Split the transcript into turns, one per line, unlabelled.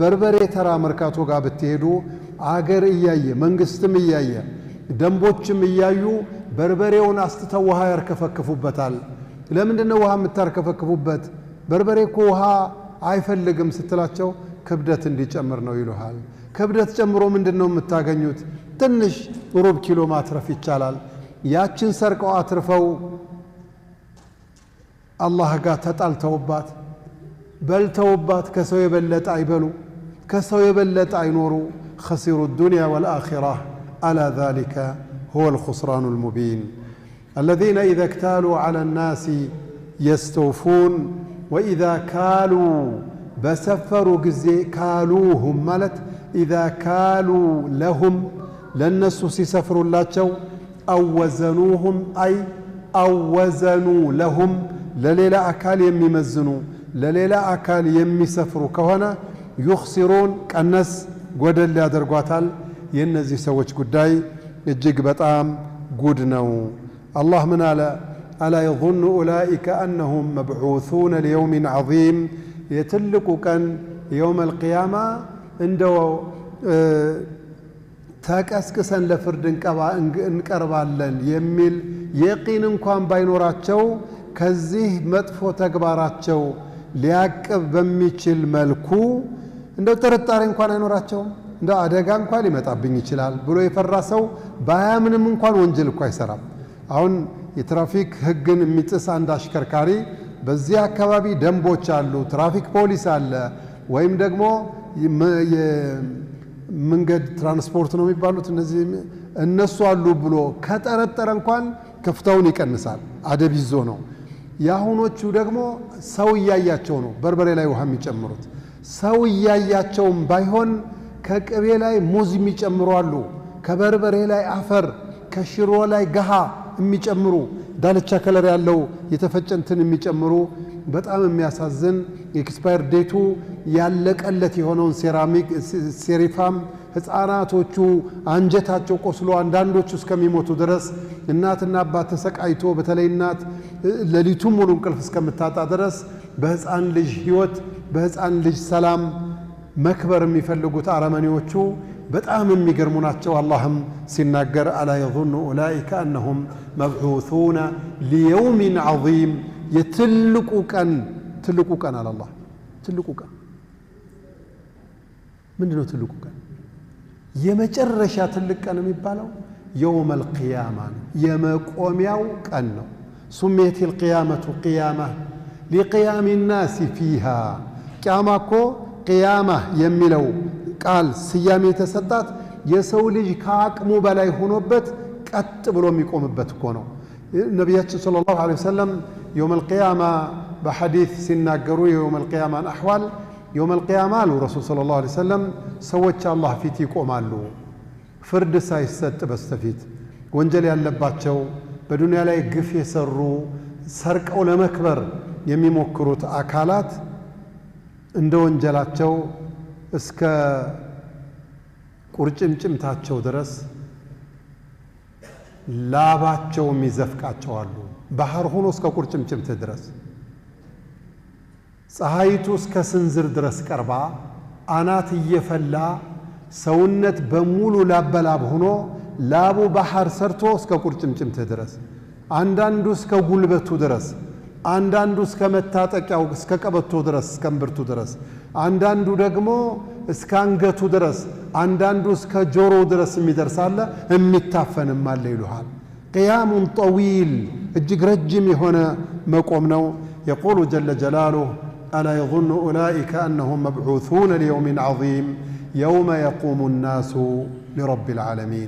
በርበሬ ተራ መርካቶ ጋር ብትሄዱ አገር እያየ መንግስትም እያየ ደንቦችም እያዩ በርበሬውን አስትተው ውሃ ያርከፈክፉበታል። ለምንድን ነው ውሃ የምታርከፈክፉበት? በርበሬ እኮ ውሃ አይፈልግም ስትላቸው ክብደት እንዲጨምር ነው ይሉሃል። ክብደት ጨምሮ ምንድን ነው የምታገኙት? ትንሽ ሩብ ኪሎ ማትረፍ ይቻላል። ያችን ሰርቀው አትርፈው አላህ ጋር ተጣልተውባት በልተውባት ከሰው የበለጠ አይበሉ። كسو يبلت አይኖሩ خسروا الدنيا والآخرة ألا ذلك هو الخسران المبين الذين إذا اكتالوا على الناس يستوفون وإذا كالوا بسفروا قزي كالوهم مالت إذا كالوا لهم لن نسوسي سفر اللاتشو أو وزنوهم أي أو وزنوا لهم لليلة أكال يمي مزنوا لليلة أكال يمي سفروا كهنا ዩኽሲሩን ቀነስ ጎደል ያደርጓታል። የእነዚህ ሰዎች ጉዳይ እጅግ በጣም ጉድ ነው። አላህ ምን አለ? አላ የظኑ ኡላኢከ አነሁም መብዑሱነ ሊየውሚን ዐዚም የትልቁ ቀን የውም አልቅያማ እንደው ተቀስቅሰን ለፍርድ እንቀርባለን የሚል የቂን እንኳን ባይኖራቸው ከዚህ መጥፎ ተግባራቸው ሊያቅብ በሚችል መልኩ እንደው ጥርጣሬ እንኳን አይኖራቸውም። እንደ አደጋ እንኳን ሊመጣብኝ ይችላል ብሎ የፈራ ሰው ባያምንም እንኳን ወንጀል እኮ አይሰራም። አሁን የትራፊክ ሕግን የሚጥስ አንድ አሽከርካሪ በዚህ አካባቢ ደንቦች አሉ፣ ትራፊክ ፖሊስ አለ፣ ወይም ደግሞ መንገድ ትራንስፖርት ነው የሚባሉት እነዚህ እነሱ አሉ ብሎ ከጠረጠረ እንኳን ከፍታውን ይቀንሳል። አደብ ይዞ ነው። የአሁኖቹ ደግሞ ሰው እያያቸው ነው በርበሬ ላይ ውሃ የሚጨምሩት ሰው እያያቸውም ባይሆን ከቅቤ ላይ ሙዝ የሚጨምሩ አሉ። ከበርበሬ ላይ አፈር፣ ከሽሮ ላይ ገሃ የሚጨምሩ ዳልቻ ከለር ያለው የተፈጨንትን የሚጨምሩ በጣም የሚያሳዝን ኤክስፓየር ዴቱ ያለቀለት የሆነውን ሴራሚክ ሴሪፋም ህፃናቶቹ አንጀታቸው ቆስሎ አንዳንዶቹ እስከሚሞቱ ድረስ እናትና አባት ተሰቃይቶ በተለይ እናት ሌሊቱን ሙሉ እንቅልፍ እስከምታጣ ድረስ በህፃን ልጅ ህይወት ። بس بهزان لج سلام مكبر مفلقوت عرماني وشو بتأمن مجرمونات شو اللهم سنجر ألا يظن أولئك أنهم مبعوثون ليوم عظيم يتلقوك أن تلقوك أن على الله تلقوك من دون تلقوك يا مجرشات اللك أنا مبالو يوم القيامة يا مقوميو كأنه سميت القيامة قيامة لقيام الناس فيها ቅያማ እኮ ቅያማ የሚለው ቃል ስያሜ የተሰጣት የሰው ልጅ ከአቅሙ በላይ ሆኖበት ቀጥ ብሎ የሚቆምበት እኮ ነው። ነቢያችን ሰለላሁ ዐለይሂ ወሰለም የውመል ቅያማ በሐዲት ሲናገሩ የውመል ቅያማን አሕዋል የውመል ቅያማ አሉ ረሱል ሰለላሁ ዐለይሂ ወሰለም ሰዎች አላህ ፊት ይቆማሉ፣ ፍርድ ሳይሰጥ በስተፊት ወንጀል ያለባቸው በዱንያ ላይ ግፍ የሰሩ ሰርቀው ለመክበር የሚሞክሩት አካላት እንደ ወንጀላቸው እስከ ቁርጭምጭምታቸው ድረስ ላባቸውም ይዘፍቃቸዋሉ። ባህር ሆኖ እስከ ቁርጭምጭምት ድረስ ፀሐይቱ እስከ ስንዝር ድረስ ቀርባ አናት እየፈላ ሰውነት በሙሉ ላበላብ ሆኖ ላቡ ባህር ሰርቶ እስከ ቁርጭምጭምት ድረስ አንዳንዱ እስከ ጉልበቱ ድረስ አንዳንዱ እስከ መታጠቂያው እስከ ቀበቶ ድረስ እስከ እምብርቱ ድረስ አንዳንዱ ደግሞ እስከ አንገቱ ድረስ አንዳንዱ እስከ ጆሮ ድረስ የሚደርሳለ የሚታፈንም አለ ይሉሃል ቅያሙን ጠዊል እጅግ ረጅም የሆነ መቆም ነው የቁሉ ጀለ ጀላሉህ ألا يظن أولئك أنهم مبعوثون ليوم عظيم يوم يقوم الناس لرب العالمين